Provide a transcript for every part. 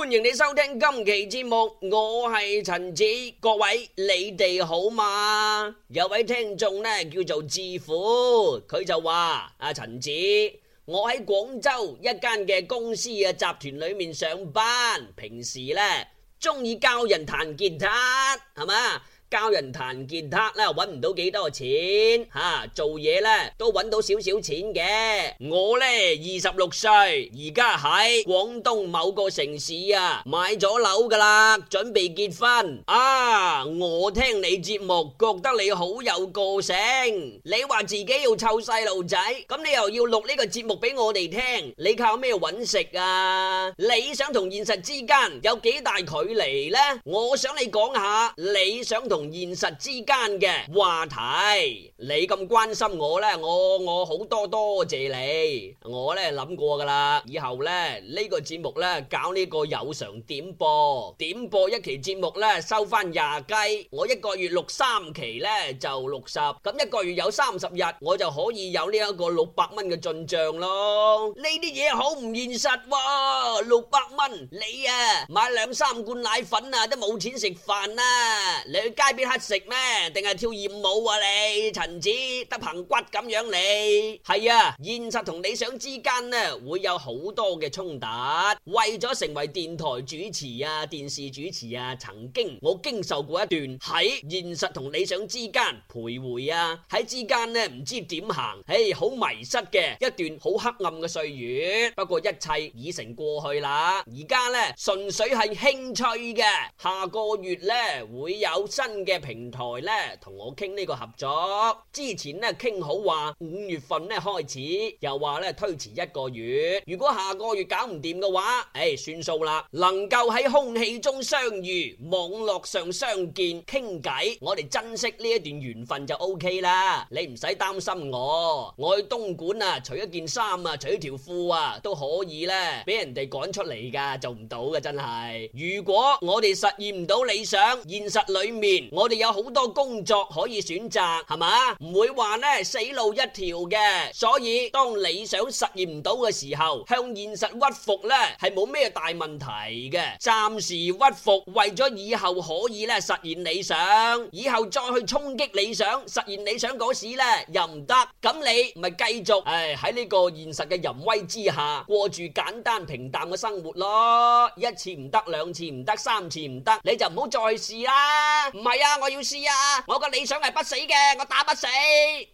歡迎你收聽今期節目，我係陳子，各位你哋好嗎？有位聽眾呢叫做智庫，佢就話：阿、啊、陳子，我喺廣州一間嘅公司嘅集團裏面上班，平時呢中意教人彈吉他，係嘛？教人彈吉他呢，搵唔到幾多錢吓，做嘢呢，都揾到少少錢嘅。我呢，二十六歲，而家喺廣東某個城市啊，買咗樓噶啦，準備結婚啊。我聽你節目覺得你好有個性，你話自己要湊細路仔，咁你又要錄呢個節目俾我哋聽，你靠咩揾食啊？理想同現實之間有幾大距離呢？我想你講下，理想同。同現實之間嘅話題，你咁關心我呢，我我好多多謝你。我呢諗過噶啦，以後呢呢個節目呢搞呢個有償點播，點播一期節目呢收翻廿雞，我一個月錄三期呢就六十，咁一個月有三十日，我就可以有呢一個六百蚊嘅進賬咯。呢啲嘢好唔現實喎，六百蚊你啊買兩三罐奶粉啊都冇錢食飯啊，你去街。邊乞食咩？定係跳艷舞啊！你陳子得棚骨咁樣你係啊！現實同理想之間呢，會有好多嘅衝突。為咗成為電台主持啊、電視主持啊，曾經我經受過一段喺現實同理想之間徘徊啊，喺之間呢唔知點行，唉，好迷失嘅一段好黑暗嘅歲月。不過一切已成過去啦，而家呢純粹係興趣嘅。下個月呢會有新嘅平台咧，同我傾呢個合作之前咧，傾好話五月份咧開始，又話咧推遲一個月。如果下個月搞唔掂嘅話，誒算數啦。能夠喺空氣中相遇，網絡上相見傾偈，我哋珍惜呢一段緣分就 OK 啦。你唔使擔心我，我去東莞啊，除一件衫啊，除條褲啊都可以啦。俾人哋趕出嚟噶，做唔到嘅，真係。如果我哋實現唔到理想，現實裏面。我哋有好多工作可以選擇，係嘛？唔會話咧死路一條嘅。所以當理想實現唔到嘅時候，向現實屈服咧，係冇咩大問題嘅。暫時屈服，為咗以後可以咧實現理想，以後再去衝擊理想，實現理想嗰時咧又唔得，咁你咪繼續誒喺呢個現實嘅淫威之下過住簡單平淡嘅生活咯。一次唔得，兩次唔得，三次唔得，你就唔好再試啦。唔係。呀、啊！我要試呀！我個理想係不死嘅，我打不死。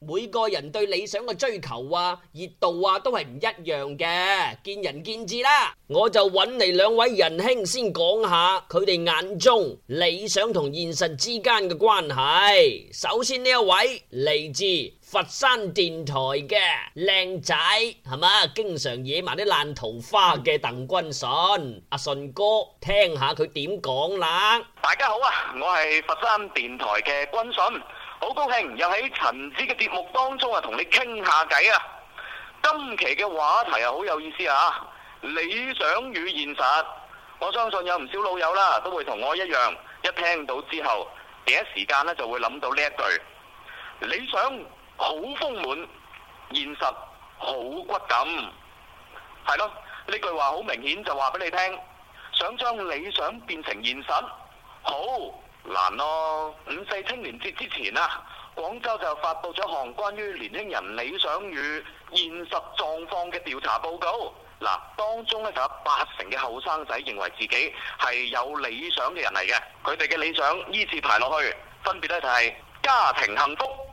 每個人對理想嘅追求啊、熱度啊都係唔一樣嘅，見仁見智啦。我就揾嚟兩位仁兄先講下佢哋眼中理想同現實之間嘅關係。首先呢一位嚟自。佛山電台嘅靚仔係咪？經常惹埋啲爛桃花嘅鄧君順，阿順哥聽下佢點講啦。大家好啊，我係佛山電台嘅君順，好高興又喺陳子嘅節目當中啊，同你傾下偈啊。今期嘅話題啊，好有意思啊，理想與現實。我相信有唔少老友啦，都會同我一樣，一聽到之後，第一時間咧就會諗到呢一句理想。好豐滿，現實好骨感，係咯。呢句話好明顯，就話俾你聽，想將理想變成現實，好難咯。五四青年節之前啊，廣州就發佈咗一項關於年輕人理想與現實狀況嘅調查報告。嗱，當中咧就有八成嘅後生仔認為自己係有理想嘅人嚟嘅，佢哋嘅理想依次排落去，分別咧就係家庭幸福。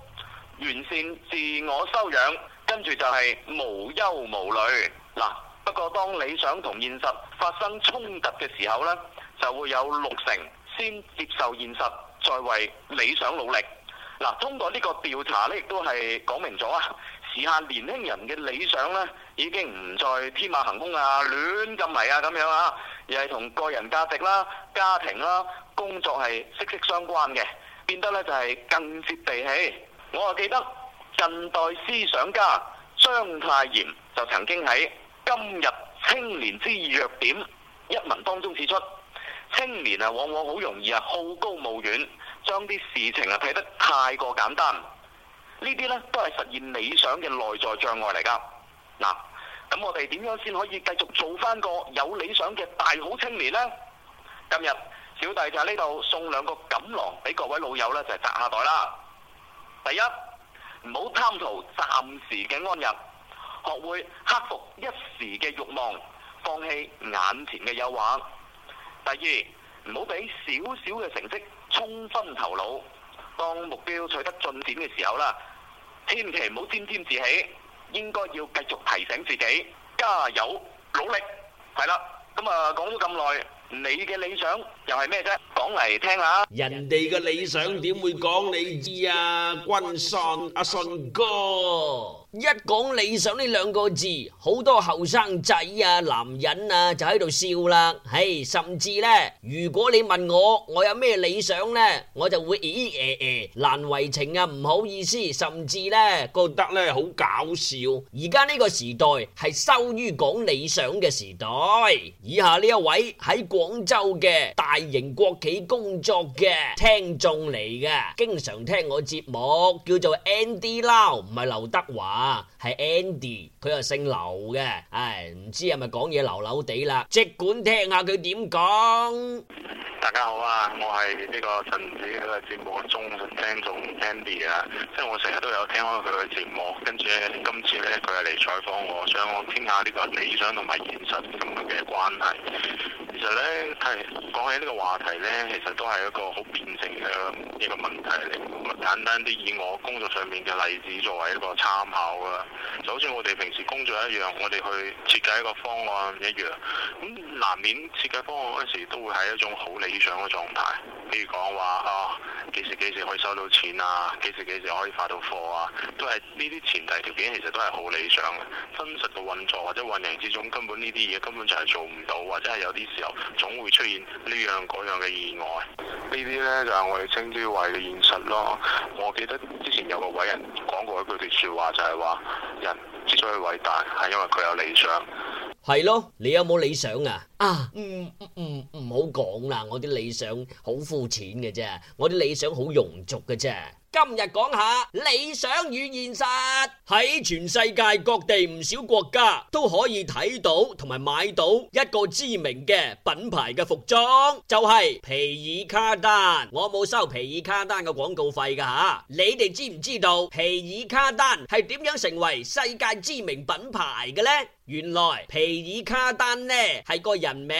完善自我修養，跟住就係無憂無慮嗱。不過，當理想同現實發生衝突嘅時候呢，就會有六成先接受現實，再為理想努力嗱。通過呢個調查呢，亦都係講明咗啊，時下年輕人嘅理想呢已經唔再天馬行空啊，亂咁嚟啊咁樣啊，而係同個人價值啦、啊、家庭啦、啊、工作係息息相關嘅，變得呢就係更接地氣。我又記得近代思想家張太炎就曾經喺《今日青年之弱點》一文當中指出，青年啊往往好容易啊好高騖遠，將啲事情啊睇得太過簡單。呢啲咧都係實現理想嘅內在障礙嚟噶。嗱，咁我哋點樣先可以繼續做翻個有理想嘅大好青年呢？今日小弟就喺呢度送兩個錦囊俾各位老友呢就係摘下袋啦。第一，唔好貪圖暫時嘅安逸，學會克服一時嘅慾望，放棄眼前嘅誘惑。第二，唔好俾少少嘅成績沖昏頭腦。當目標取得進展嘅時候啦，千祈唔好沾沾自喜，應該要繼續提醒自己加油努力。係啦，咁啊講咗咁耐。你嘅理想又係咩啫？講嚟聽下。人哋嘅理想點會講你知啊？君信阿信哥。一講理想呢兩個字，好多後生仔啊，男人啊，就喺度笑啦。係、啊、Andy，佢又姓劉嘅，唉、哎，唔知係咪講嘢流流地啦，即管聽下佢點講。大家好啊，我係呢、這個陳子呢個節目嘅忠實聽眾 Andy 啊，即係我成日都有聽開佢嘅節目，跟住今次咧佢係嚟採訪我，想我傾下呢個理想同埋現實咁樣嘅關係。其實咧，係講起呢個話題咧，其實都係一個好辯證嘅一個問題嚟。簡單啲以我工作上面嘅例子作為一個參考。.就好似我哋平時工作一樣，我哋去設計一個方案一樣，咁難免設計方案嗰時都會係一種好理想嘅狀態。譬如講話哦，幾時幾時可以收到錢啊，幾時幾時可以發到貨啊，都係呢啲前提條件，其實都係好理想嘅。真實嘅運作或者運營之中，根本呢啲嘢根本就係做唔到，或者係有啲時候總會出現呢樣嗰樣嘅意外。呢啲呢，就係我哋稱之為現實咯。我記得之前有個偉人。有句說話就係話，人之所以偉大，係因為佢有理想。係咯，你有冇理想啊？啊，唔唔唔好講啦，我啲理想好膚淺嘅啫，我啲理想好庸俗嘅啫。今日講下理想與現實。喺全世界各地唔少國家都可以睇到同埋買到一個知名嘅品牌嘅服裝，就係皮爾卡丹。我冇收皮爾卡丹嘅廣告費噶吓，你哋知唔知道皮爾卡丹係點樣成為世界知名品牌嘅呢？原來皮爾卡丹呢係個人名。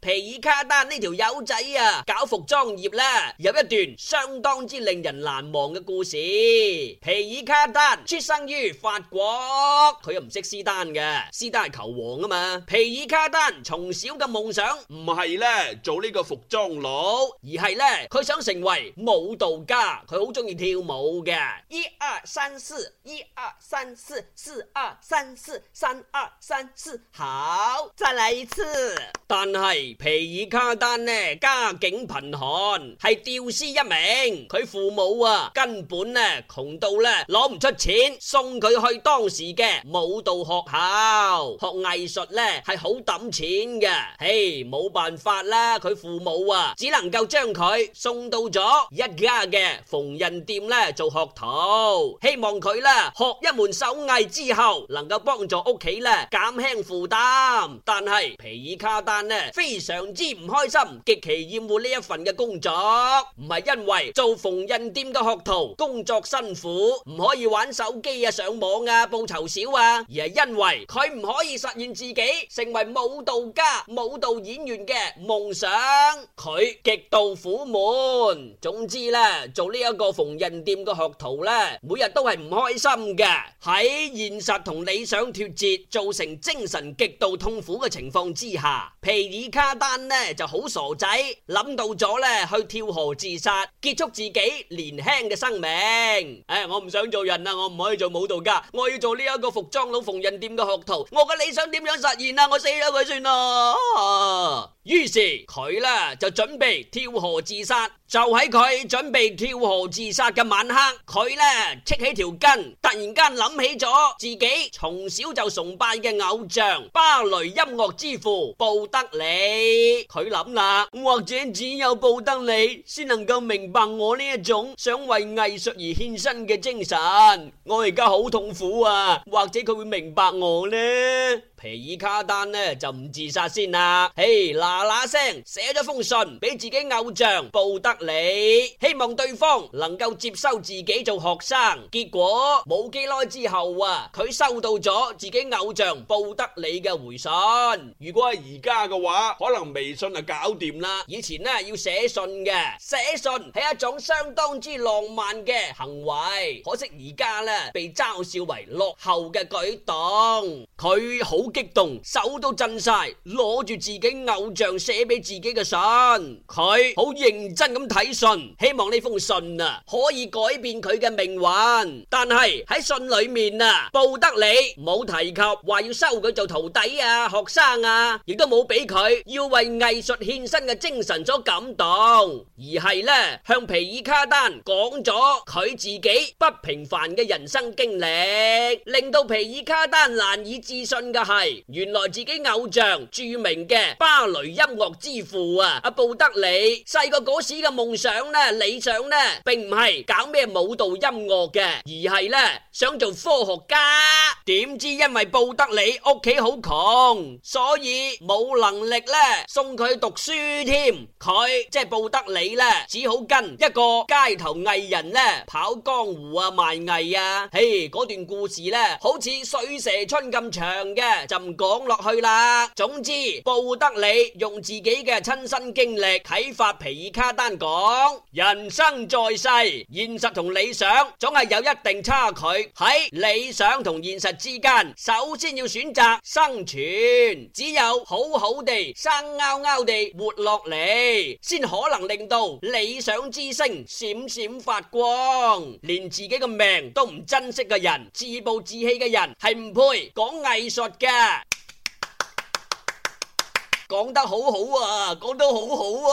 皮爾卡丹呢條友仔啊，搞服裝業呢，有一段相當之令人難忘嘅故事。皮爾卡丹出生於法國，佢又唔識施丹嘅，施丹係球王啊嘛。皮爾卡丹從小嘅夢想唔係呢做呢個服裝佬，而係呢佢想成為舞蹈家，佢好中意跳舞嘅。一二三四，一二三四，四二三四，三二。三次好，再來一次。但係皮爾卡丹呢，家境貧寒，係吊絲一名。佢父母啊，根本呢窮到呢攞唔出錢，送佢去當時嘅舞蹈學校學藝術呢，係好揼錢嘅。唉，冇辦法啦，佢父母啊，只能夠將佢送到咗一家嘅縫紉店呢做學徒，希望佢呢學一門手藝之後，能夠幫助屋企呢，減輕負擔，但係皮爾卡丹呢，非常之唔開心，極其厭惡呢一份嘅工作。唔係因為做縫紉店嘅學徒工作辛苦，唔可以玩手機啊、上網啊、報酬少啊，而係因為佢唔可以實現自己成為舞蹈家、舞蹈演員嘅夢想，佢極度苦悶。總之呢，做呢一個縫紉店嘅學徒呢，每日都係唔開心嘅，喺現實同理想脫節造成，精神極度痛苦嘅情況之下，皮爾卡丹呢就好傻仔諗到咗呢去跳河自殺，結束自己年輕嘅生命。誒、哎，我唔想做人啦，我唔可以做舞蹈家，我要做呢一個服裝佬縫紉店嘅學徒。我嘅理想點樣實現啊？我死咗佢算囉。啊、於是佢呢就準備跳河自殺。就喺佢準備跳河自殺嘅晚黑，佢呢，戚起條筋，突然間諗起咗自己從小就崇拜嘅偶像芭蕾音樂之父布德里。佢諗啦，或者只有布德里先能夠明白我呢一種想為藝術而獻身嘅精神。我而家好痛苦啊！或者佢會明白我呢？皮爾卡丹呢就唔自殺先啦，嘿嗱嗱聲寫咗封信俾自己偶像布德里，希望對方能夠接收自己做學生。結果冇幾耐之後啊，佢收到咗自己偶像布德里嘅回信。如果係而家嘅話，可能微信啊搞掂啦。以前呢要寫信嘅，寫信係一種相當之浪漫嘅行為。可惜而家呢被嘲笑為落後嘅舉動。佢好。激動手都震晒，攞住自己偶像寫俾自己嘅信，佢好認真咁睇信，希望呢封信啊可以改變佢嘅命運。但係喺信裏面啊，布德里冇提及話要收佢做徒弟啊、學生啊，亦都冇俾佢要為藝術獻身嘅精神所感動，而係咧向皮爾卡丹講咗佢自己不平凡嘅人生經歷，令到皮爾卡丹難以置信嘅吓。原來自己偶像著名嘅芭蕾音樂之父啊，阿、啊、布德里細個嗰時嘅夢想呢，理想呢，並唔係搞咩舞蹈音樂嘅，而係呢想做科學家。點知因為布德里屋企好窮，所以冇能力呢送佢讀書添。佢即係布德里呢，只好跟一個街頭藝人呢跑江湖啊賣藝啊。嘿，嗰段故事呢好似水蛇春咁長嘅。就唔講落去啦。總之，布德里用自己嘅親身經歷啟發皮爾卡丹講：人生在世，現實同理想總係有一定差距。喺理想同現實之間，首先要選擇生存。只有好好地生，拗拗地活落嚟，先可能令到理想之星閃閃發光。連自己嘅命都唔珍惜嘅人，自暴自棄嘅人，係唔配講藝術嘅。講得好好啊，講得好好啊！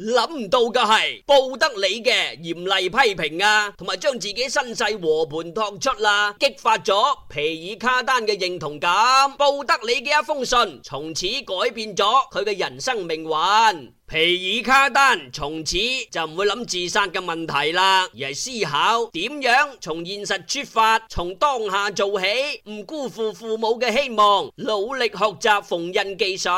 諗唔到嘅，係布德里嘅嚴厲批評啊，同埋將自己身世和盤托出啦，激發咗皮爾卡丹嘅認同感。布德里嘅一封信，從此改變咗佢嘅人生命運。皮爾卡丹從此就唔會諗自殺嘅問題啦，而係思考點樣從現實出發，從當下做起，唔辜負父母嘅希望，努力學習縫紉技術。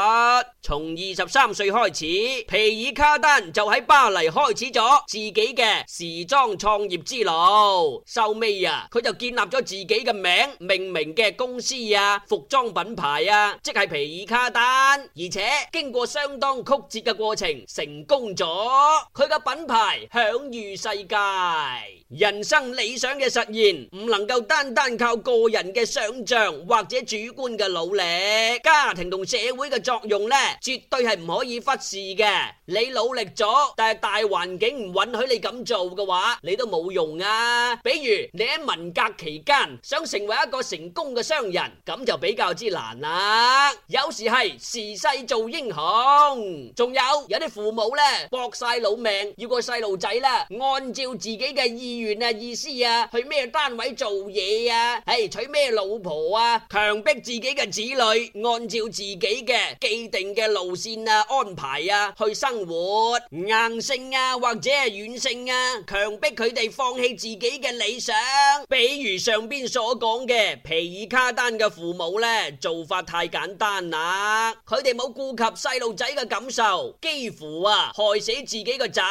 從二十三歲開始，皮爾卡丹。就喺巴黎開始咗自己嘅時裝創業之路，收尾啊，佢就建立咗自己嘅名命名嘅公司啊，服裝品牌啊，即係皮爾卡丹，而且經過相當曲折嘅過程成功咗，佢嘅品牌享譽世界。人生理想嘅實現唔能夠單單靠個人嘅想象或者主觀嘅努力，家庭同社會嘅作用呢，絕對係唔可以忽視嘅。你努力咗，但係大環境唔允許你咁做嘅話，你都冇用啊。比如你喺文革期間想成為一個成功嘅商人，咁就比較之難啦，啊。有時係時勢做英雄，仲有有啲父母呢，搏晒老命要個細路仔呢，按照自己嘅意願啊、意思啊去咩單位做嘢啊，係娶咩老婆啊，強迫自己嘅子女按照自己嘅既定嘅路線啊、安排啊去生活。硬性啊，或者係軟性啊，強迫佢哋放棄自己嘅理想。比如上邊所講嘅皮爾卡丹嘅父母呢，做法太簡單啦，佢哋冇顧及細路仔嘅感受，幾乎啊害死自己個仔。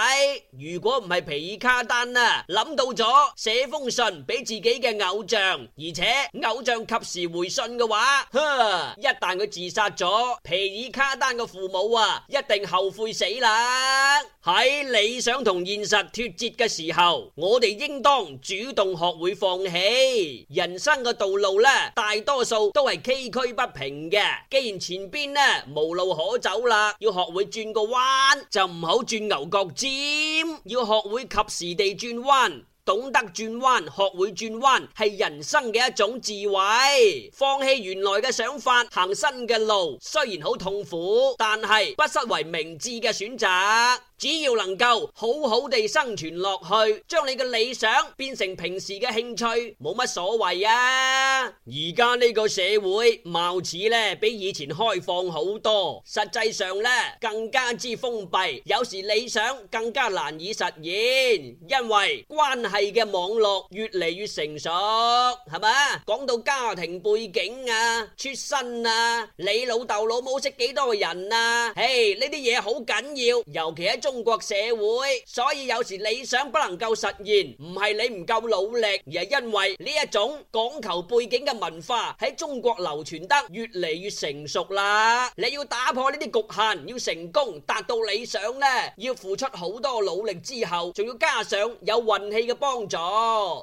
如果唔係皮爾卡丹啊諗到咗寫封信俾自己嘅偶像，而且偶像及時回信嘅話，呵，一旦佢自殺咗，皮爾卡丹嘅父母啊一定後悔死啦。喺理想同現實脫節嘅時候，我哋應當主動學會放棄。人生嘅道路呢，大多數都係崎嶇不平嘅。既然前邊呢無路可走啦，要學會轉個彎，就唔好轉牛角尖，要學會及時地轉彎。懂得轉彎，學會轉彎，係人生嘅一種智慧。放棄原來嘅想法，行新嘅路，雖然好痛苦，但係不失為明智嘅選擇。只要能夠好好地生存落去，將你嘅理想變成平時嘅興趣，冇乜所謂啊！而家呢個社會貌似咧比以前開放好多，實際上咧更加之封閉，有時理想更加難以實現，因為關，係嘅網絡越嚟越成熟，係嘛？講到家庭背景啊、出身啊，你老豆老母識幾多個人啊？嘿，呢啲嘢好緊要，尤其喺中國社會，所以有時理想不能夠實現，唔係你唔夠努力，而係因為呢一種講求背景嘅文化喺中國流傳得越嚟越成熟啦。你要打破呢啲局限，要成功達到理想呢，要付出好多努力之後，仲要加上有運氣嘅。幫助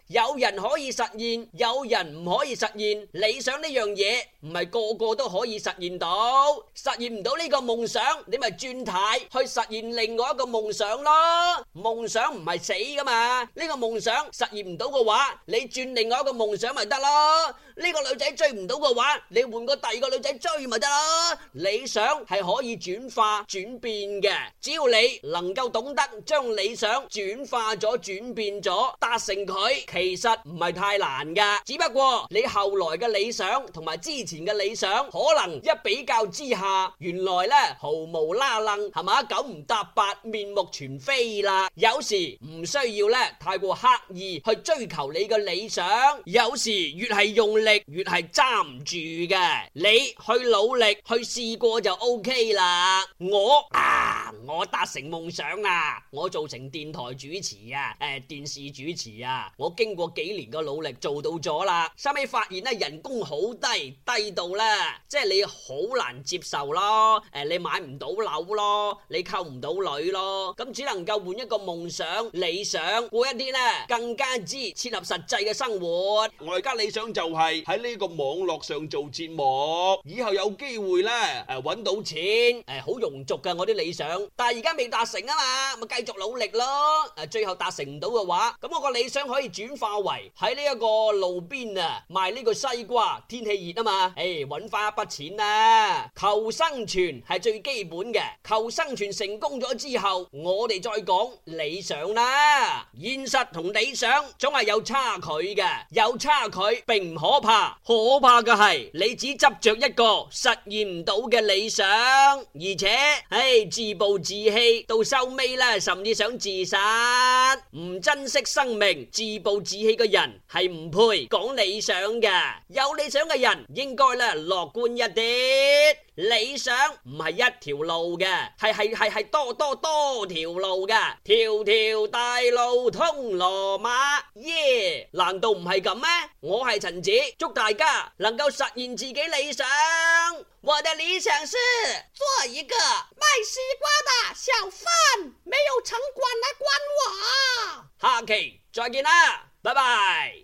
有人可以實現，有人唔可以實現理想，呢樣嘢唔係個個都可以實現到，實現唔到呢個夢想，你咪轉態去實現另外一個夢想咯。夢想唔係死噶嘛，呢個夢想實現唔到嘅話，你轉另外一個夢想咪得咯。呢個女仔追唔到嘅話，你換個第二個女仔追咪得咯。理想係可以轉化轉變嘅，只要你能夠懂得將理想轉化咗轉變咗。達成佢其實唔係太難㗎，只不過你後來嘅理想同埋之前嘅理想，可能一比較之下，原來呢，毫無拉楞係嘛，九唔搭八，面目全非啦。有時唔需要呢，太過刻意去追求你嘅理想，有時越係用力越係揸唔住嘅，你去努力去試過就 OK 啦。我。啊我達成夢想啦！我做成電台主持啊，誒，電視主持啊！我經過幾年嘅努力做到咗啦，收尾發現咧人工好低，低到咧即係你好難接受咯。誒你買唔到樓咯，你溝唔到女咯，咁只能夠換一個夢想理想過一啲咧，更加之切合實際嘅生活。我而家理想就係喺呢個網絡上做節目，以後有機會咧誒搵到錢，誒好庸俗噶我啲理想。但係而家未達成啊嘛，咪繼續努力咯。誒，最後達成唔到嘅話，咁我個理想可以轉化為喺呢一個路邊啊賣呢個西瓜。天氣熱啊嘛，誒，搵翻一筆錢啦。求生存係最基本嘅，求生存成功咗之後，我哋再講理想啦。現實同理想總係有差距嘅，有差距並唔可怕，可怕嘅係你只執着一個實現唔到嘅理想，而且誒自暴。自暴自棄到收尾啦，甚至想自殺，唔珍惜生命、自暴自棄嘅人係唔配講理想嘅。有理想嘅人應該啦，樂觀一啲。理想唔係一條路嘅，係係係係多多多條路嘅，條條大路通羅馬，耶、yeah！難道唔係咁咩？我係陳子，祝大家能夠實現自己理想。我的理想是做一個賣西瓜的小販，沒有城管來、啊、管我。下期再見啦，拜拜。